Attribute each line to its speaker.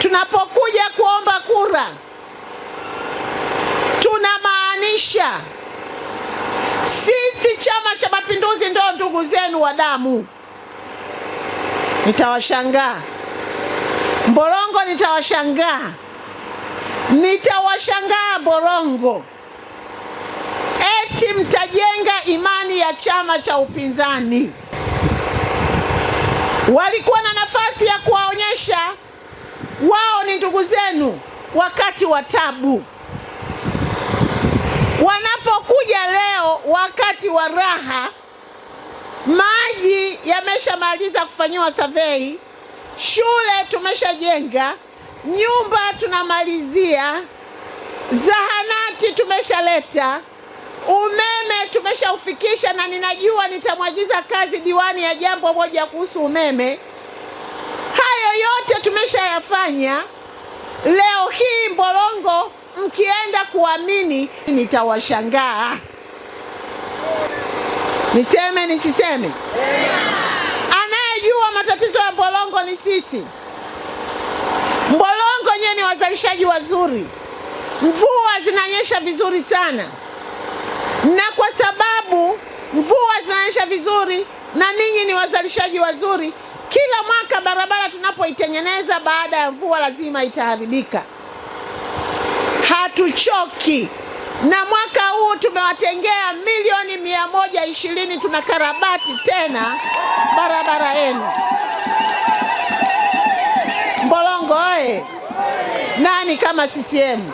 Speaker 1: Tunapokuja kuomba kura, tunamaanisha sisi Chama cha Mapinduzi ndio ndugu zenu wa damu. Nitawashangaa Mborongo, nitawashangaa nitawashangaa Borongo, eti mtajenga imani ya chama cha upinzani walikuwa ndugu zenu wakati wa tabu, wanapokuja leo wakati wa raha, maji yameshamaliza kufanyiwa survey, shule tumeshajenga, nyumba tunamalizia, zahanati tumeshaleta umeme tumeshaufikisha, na ninajua nitamwagiza kazi diwani ya jambo moja kuhusu umeme. Hayo yote tumeshayafanya. Leo hii Mborongo mkienda kuamini, nitawashangaa. Niseme nisiseme? Anayejua matatizo ya mbolongo ni sisi. mbolongo nyewe ni wazalishaji wazuri, mvua zinanyesha vizuri sana, na kwa sababu mvua zinanyesha vizuri na ninyi ni wazalishaji wazuri kila mwaka barabara tunapoitengeneza baada ya mvua lazima itaharibika, hatuchoki. Na mwaka huu tumewatengea milioni mia moja ishirini tunakarabati tena barabara yenu Mbolongo oye! Nani kama CCM?